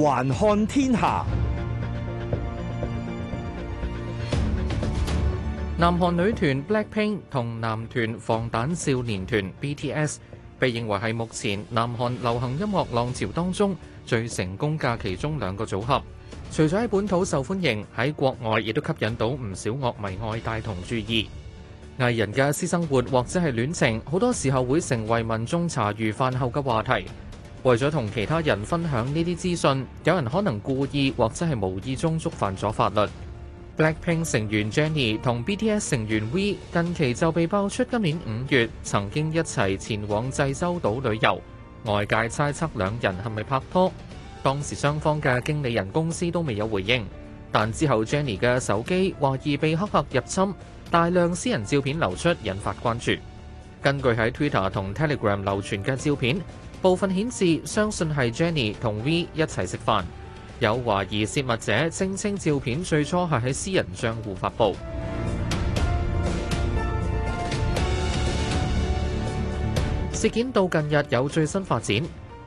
環看天下，南韓女團 BLACKPINK 同男團防彈少年團 BTS 被認為係目前南韓流行音樂浪潮當中最成功嘅其中兩個組合。除咗喺本土受歡迎，喺國外亦都吸引到唔少樂迷愛戴同注意。藝人嘅私生活或者係戀情，好多時候會成為民眾茶餘飯後嘅話題。為咗同其他人分享呢啲資訊，有人可能故意或者係無意中觸犯咗法律。BLACKPINK 根據喺 Twitter 同 Telegram 流傳嘅照片，部分顯示相信係 Jenny 同 V 一齊食飯。有懷疑泄密者聲稱照片最初係喺私人賬戶發布。事件到近日有最新發展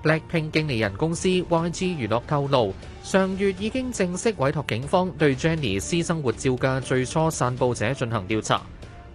，BLACKPINK 經理人公司 YG 娛樂透露，上月已經正式委託警方對 Jenny 私生活照嘅最初散佈者進行調查。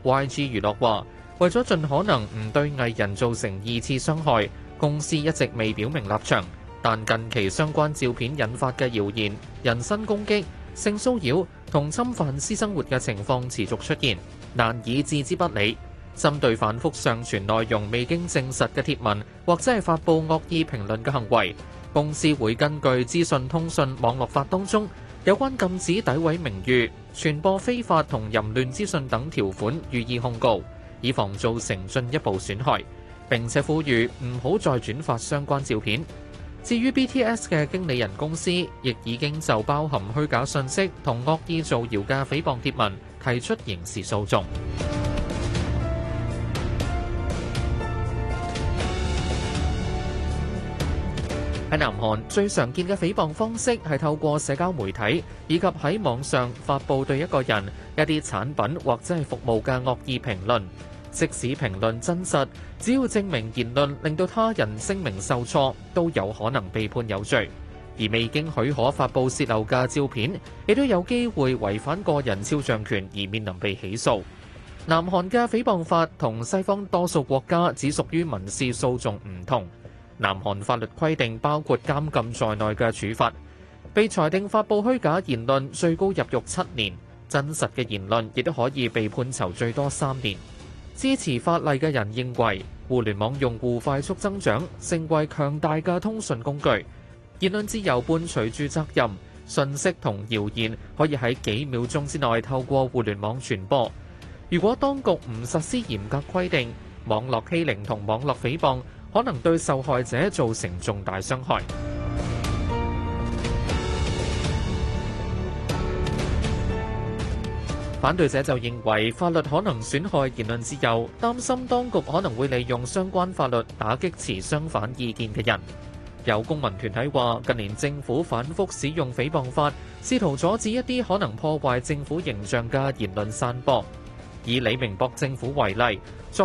YG 娛樂話。為咗盡可能唔對藝人造成二次傷害，公司一直未表明立場。但近期相關照片引發嘅謠言、人身攻擊、性騷擾同侵犯私生活嘅情況持續出現，難以置之不理。針對反覆上傳內容未經證實嘅貼文，或者係發布惡意評論嘅行為，公司會根據資訊通訊網絡法當中有關禁止詆毀名譽、傳播非法同淫亂資訊等條款予以控告。以防造成進一步損害，並且呼籲唔好再轉發相關照片。至於 BTS 嘅經理人公司，亦已經就包含虛假信息同惡意造謠嘅誹謗帖文提出刑事訴訟。喺南韓最常見嘅誹謗方式係透過社交媒體以及喺網上發布對一個人、一啲產品或者係服務嘅惡意評論。即使評論真實，只要證明言論令到他人聲名受挫，都有可能被判有罪。而未經許可發佈洩漏嘅照片，亦都有機會違反個人肖像權而面臨被起訴。南韓嘅誹謗法同西方多數國家只屬於民事訴訟唔同。南韓法律規定包括監禁在內嘅處罰，被裁定發佈虛假言論最高入獄七年，真實嘅言論亦都可以被判囚最多三年。支持法例嘅人認為，互聯網用戶快速增長，成為強大嘅通訊工具，言論自由伴隨住責任。信息同謠言可以喺幾秒鐘之內透過互聯網傳播。如果當局唔實施嚴格規定，網絡欺凌同網絡誹謗，可能對受害者造成重大傷害。反對者就認為法律可能損害言論自由，擔心當局可能會利用相關法律打擊持相反意見嘅人。有公民團體話，近年政府反覆使用誹謗法，試圖阻止一啲可能破壞政府形象嘅言論散播。以李明博政府為例，在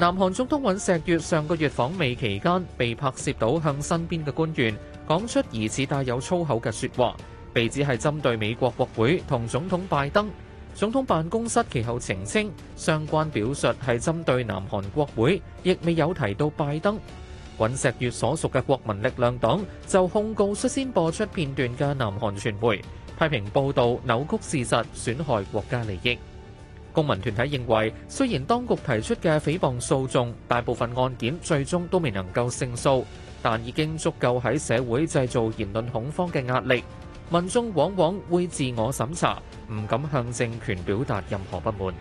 南韓總統尹錫悅上個月訪美期間，被拍攝到向身邊嘅官員講出疑似帶有粗口嘅說話，被指係針對美國國會同總統拜登。總統辦公室其後澄清，相關表述係針對南韓國會，亦未有提到拜登。尹錫悅所屬嘅國民力量黨就控告率先播出片段嘅南韓傳媒，批評報導扭曲事實，損害國家利益。公民團體認為，雖然當局提出嘅誹謗訴訟大部分案件最終都未能夠勝訴，但已經足夠喺社會製造言論恐慌嘅壓力。民眾往往會自我審查，唔敢向政權表達任何不滿。